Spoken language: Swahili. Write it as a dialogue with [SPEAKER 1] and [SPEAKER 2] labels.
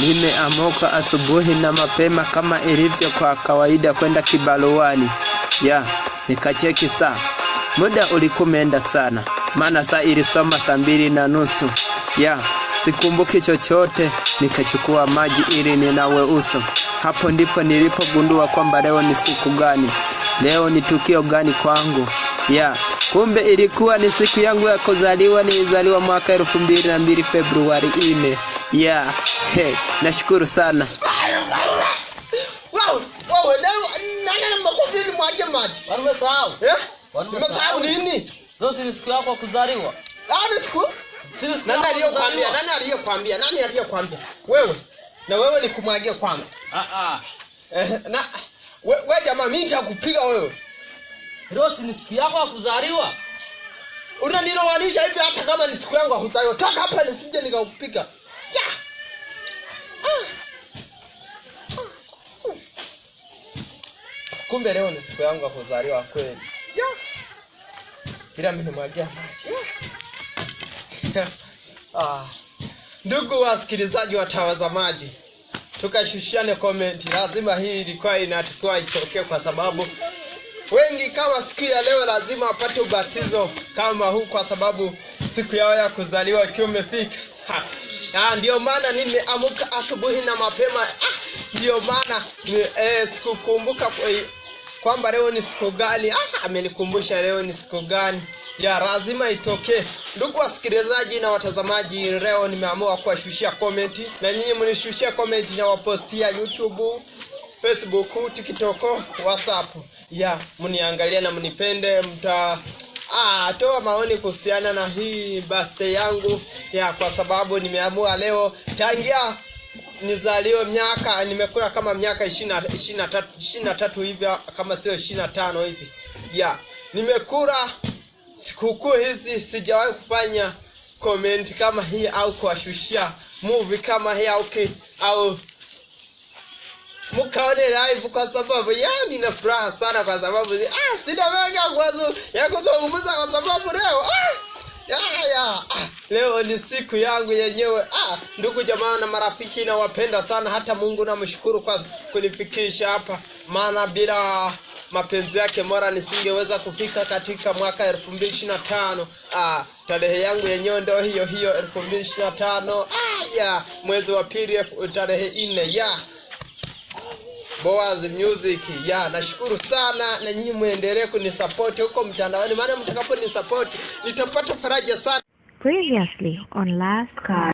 [SPEAKER 1] Nimeamuka asubuhi na mapema kama ilivyo kwa kawaida kwenda kibaruani ya nikacheki saa. Muda ulikuwa umeenda sana, maana saa ilisoma saa mbili na nusu ya sikumbuki chochote. Nikachukua maji ili ninawe uso. Hapo ndipo nilipogundua kwamba leo ni siku gani, leo ni tukio gani kwangu ya Kumbe ilikuwa ni siku yangu ya kuzaliwa, nilizaliwa mwaka elfu mbili na mbili Februari ine. Yeah. Hey, nashukuru sana.
[SPEAKER 2] Wow, wow, mwaje maji? Eh?
[SPEAKER 3] si siku yako kuzaliwa.
[SPEAKER 2] Ah, ni siku? Nani Nani Wewe. Na wewe ni kumwagia kwanza. Ah ah. Eh, na wewe we, jamaa mimi nitakupiga wewe.
[SPEAKER 3] Rosi, ni siku yako ya kuzaliwa.
[SPEAKER 2] Unanilowanisha hivi hata kama ni siku yangu ya kuzaliwa. Toka hapa nisije nikakupika. Yeah. Ah. Kumbe leo ni siku yangu ya kuzaliwa kweli. Yeah. Kila mimi nimwagia maji. Yeah. Ah. Ndugu wasikilizaji wa Tawaza Maji, tukashushiane komenti. Lazima hii ilikuwa inatakiwa itokee, kwa sababu wengi kama siku ya leo lazima wapate ubatizo kama huu, kwa sababu siku yao ya kuzaliwa ikiwa imefika. Ah, ndio maana nimeamka asubuhi na mapema. Ah, ndio maana ni, eh, sikukumbuka kwamba leo ni siku gani. Ah, amenikumbusha leo ni siku gani ya lazima itokee. Ndugu wasikilizaji na watazamaji, leo nimeamua kuwashushia komenti na nyinyi mnishushia komenti na wapostia YouTube Facebook, TikTok, WhatsApp. Ya yeah, mniangalie na mnipende, mta Ah, toa maoni kuhusiana na hii birthday yangu ya kwa sababu nimeamua leo tangia nizaliwe miaka nimekula kama miaka ishirini na tatu hivi kama sio ishirini na tano hivi ya nimekula sikukuu hizi sijawahi kufanya comment kama hii au kuwashushia movie kama hii au, au mkaone live kwa sababu yani na furaha sana kwa sababu ah, sina mengi ya kuzungumza kwa sababu leo ah, ya, ya. Ah, leo ni siku yangu yenyewe. Ah, ndugu jamaa na marafiki, na wapenda sana. Hata Mungu namshukuru kwa kunifikisha hapa, maana bila mapenzi yake mora nisingeweza kufika katika mwaka 2025 Ah, tarehe yangu yenyewe ndio hiyo hiyo 2025 Ah, ya mwezi wa pili tarehe 4 ya Boaz Music. Ya, nashukuru sana na nyinyi muendelee kunisapoti huko mtandaoni maana mtakaponisapoti nitapata faraja sana. Previously on last card.